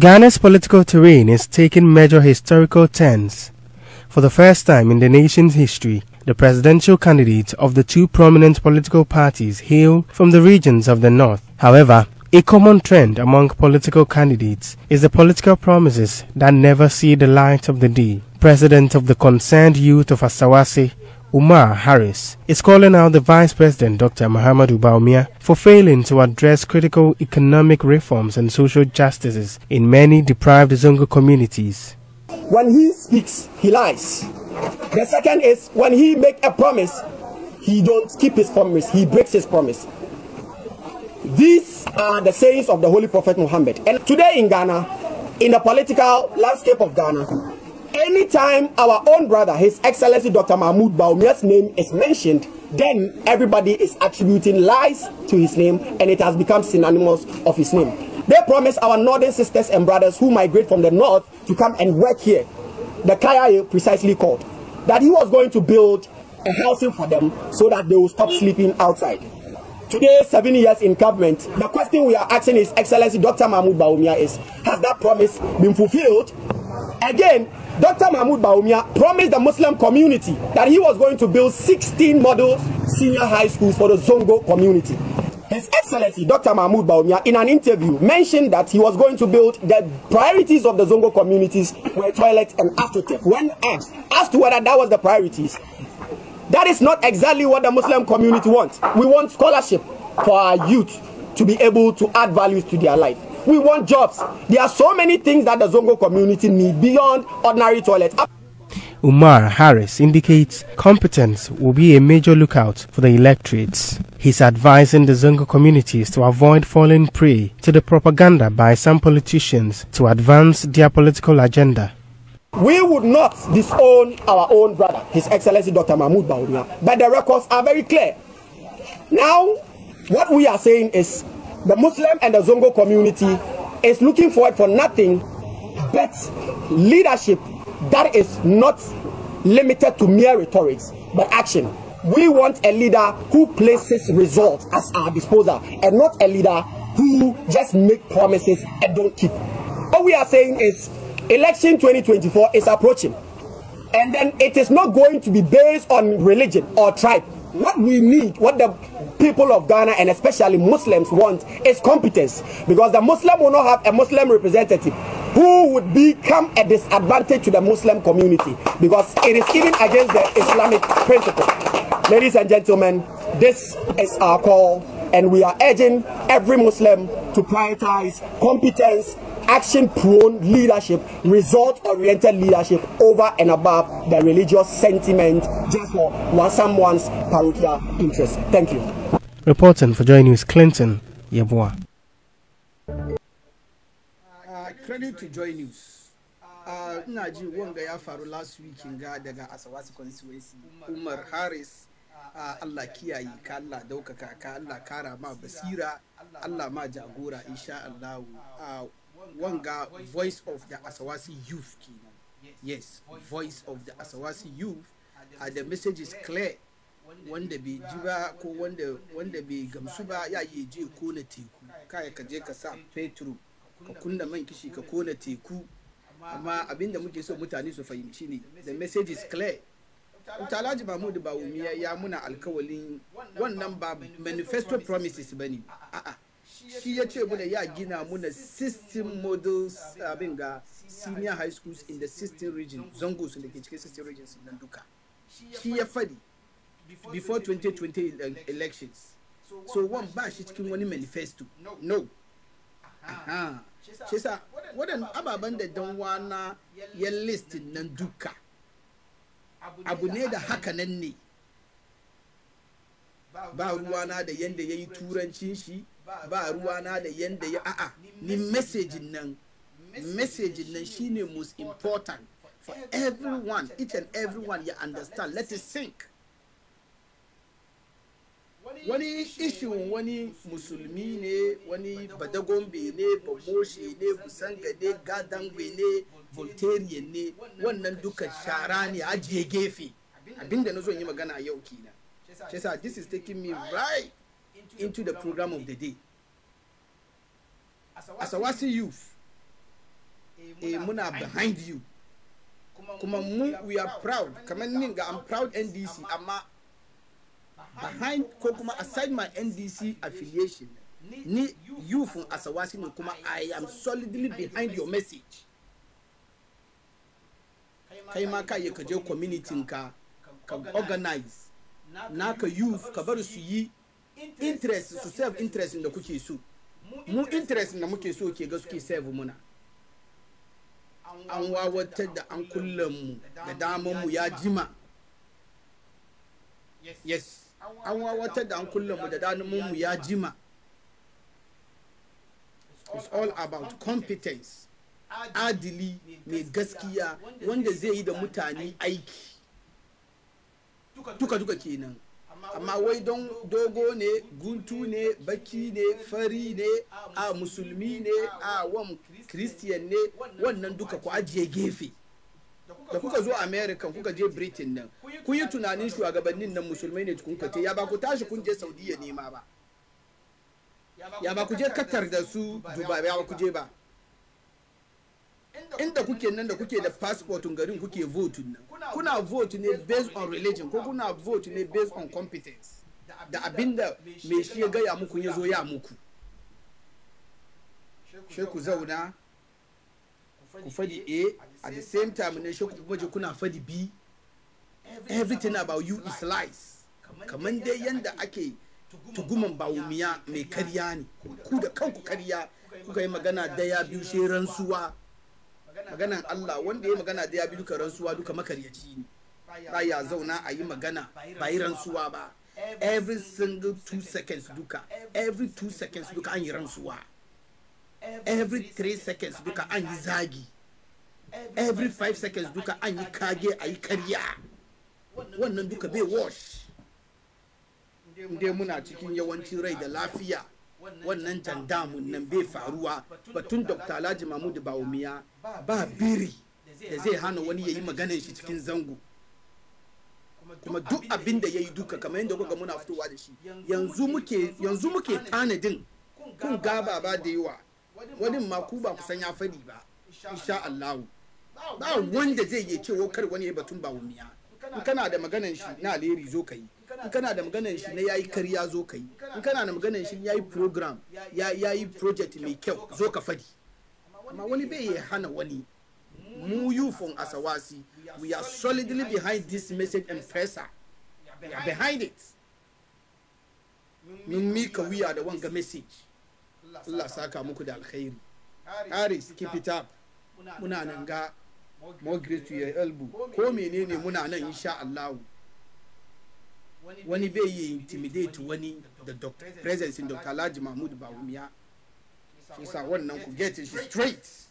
Ghana's political terrain is taking major historical turns. For the first time in the nation's history, the presidential candidates of the two prominent political parties hail from the regions of the north. However, a common trend among political candidates is the political promises that never see the light of the day. President of the Concerned Youth of Asawase, Umar Harris, is calling out the Vice President Dr. Muhammad Ubaumia for failing to address critical economic reforms and social justices in many deprived Zongo communities. When he speaks, he lies. The second is when he makes a promise, he don't keep his promise, he breaks his promise. These are the sayings of the Holy Prophet Muhammad. And today in Ghana, in the political landscape of Ghana, anytime our own brother, His Excellency Dr. Mahmoud Baumia's name is mentioned, then everybody is attributing lies to his name and it has become synonymous of his name. They promised our northern sisters and brothers who migrate from the north to come and work here. The Kaya precisely called that he was going to build a housing for them so that they will stop sleeping outside. Today, seven years in government, the question we are asking is Excellency Dr. Mahmoud Baumia is, has that promise been fulfilled Again, Dr. Mahmoud Baumia promised the Muslim community that he was going to build 16 model senior high schools for the Zongo community. His Excellency Dr. Mahmoud Baumia, in an interview, mentioned that he was going to build the priorities of the Zongo communities were toilets and aftertech. When asked as to whether that was the priorities, that is not exactly what the Muslim community wants. We want scholarship for our youth to be able to add values to their life. We want jobs. There are so many things that the Zongo community need beyond ordinary toilets. Umar Harris indicates competence will be a major lookout for the electorates. He's advising the Zongo communities to avoid falling prey to the propaganda by some politicians to advance their political agenda. We would not disown our own brother, His Excellency Dr. Mahmoud Bawumia, but the records are very clear. Now, what we are saying is the Muslim and the Zongo community is looking forward for nothing but leadership that is not limited to mere rhetoric, but action. We want a leader who places results at our disposal and not a leader who just make promises and don't keep. All we are saying is election 2024 is approaching and then it is not going to be based on religion or tribe. what we need, what the people of Ghana and especially Muslims want is competence. Because the Muslim will not have a Muslim representative who would become a disadvantage to the Muslim community. Because it is even against the Islamic principle. Ladies and gentlemen, this is our call and we are urging every Muslim to prioritize competence action prone leadership, result oriented leadership over and above the religious sentiment just for someone's parochial interest. Thank you. Reporting for Joy News, Clinton Yeboah. Uh, credit to Joy News. ina uh, ji wanda ya faru last week ga daga asawasi constituency umar harris uh, allah kiyaye ka allah daukaka ka kara ma basira allah ma jagora insha allahu uh, wanga voice of the asawasi youth kenan yes voice of the asawasi youth and the message is clear wanda bai ji ba ko wanda bai gamsu ba ya yi je kona teku kaya ka je ka sa petro ka kunna man kishi ka kona teku amma abinda muke so mutane su fahimci ne the message is clear Utalaji Mahmud bawumia ya muna alkawalin wannan ba manifesto promises bane a'a shi ya ce muna ya gina muna 16 models uh, abin ga senior high schools in the 16 region zango su da ke cikin 16 regions nan duka shi ya fadi before 2020 elections so one ba shi cikin wani manifesto no shi sa wadan ababen da danwa na ya listin nan duka abu ne da haka nan ne ba ruwana da yadda ya yi turancin shi ba ruwa na da yanda ya a'a ni messaging nan messaging nan shine most important for everyone each and everyone ya understand let it sink wani ishin wani musulmi ne wani badagombe ne bamoshe ne busanga ne gadangwe ne voltarian ne wannan duka shara ne ajiye gefe abinda na zo yi magana a yau kina shi this is taking me right into the program of the day. Asawasi youth, a eh, eh, muna behind you. Kuma mu we are proud, kamar ninga I'm proud NDC amma behind ko kuma aside my NDC affiliation ni youth Asawasi ne kuma I am solidly behind your message. Kaima ma ka je community ka ka organize naka youth ka bar su yi interest su self interest da kuke so mu interest da muke so ke ga suke save muna an wawatar da an mu da daman mu ya jima yes an wawatar da an mu da daman mu ya jima it's all about competence adili mai gaskiya wanda zai yi da mutane aiki duka-duka kenan amma wai don dogo ne guntu ne baki ne fari ne a musulmi ne a wan christian ne wannan duka ku ajiye gefe da kuka zo american kuka je britain nan kuyi yi tunanin shugabannin nan musulmai ne kun kace ya ba ku tashi kun je saudiya nema ba ya ba ku je katar da su dubai ya ba ku je ba inda kuke nan da kuke da passportin garin kuke vote nan kuna vote ne based on religion ko kuna vote ne based on competence da abinda mai shi ya gaya muku ya zo ya muku sheku zauna ku fadi a at the same time ne sheku waje kuna fadi b everything about you is lies kamar dai yanda ake tuguman bawumiya mai karya ne ku da kanku karya kuka yi magana daya biyu sai rantsuwa maganan Allah wanda ya magana da ya bi duka rantsuwa duka makaryaci ne ba ya zauna a yi magana ba yi rantsuwa ba every single two seconds duka every two seconds duka an yi rantsuwa every three seconds duka an yi zagi every five seconds duka an yi kage a yi karya wannan duka bai wash inda muna cikin yawancin rai da lafiya wannan jandamun damun nan bai faruwa batun dr alhaji mahmudu bawumiya ba biri da zai hana wani ya yi magana shi cikin zango kuma duk abin da ya yi duka kamar yadda kuka muna fitowa da shi yanzu muke tanadin kun gaba ba da yawa wani ma ku ba kusan ya fadi ba insha Allah ba wanda zai yi cewa kar wani ya batun ba wumiya in kana da maganan shi na alheri zo ka yi in kana da maganar shi na yayi karya zo ka yi in kana da maganar shi yayi program yayi project mai kyau zo ka fadi amma wani bai ya hana wani mu yufon asawasi we are solidly behind this message and pressure we are behind it mun mika wuya da wanga message Allah saka muku da alkhairi Haris keep it up muna nan ga more great to your elbow ko menene muna nan insha Allah wani bai yi intimidate wani da presence in dr alhaji mahmud bawumia shi sa wannan ku get shi straight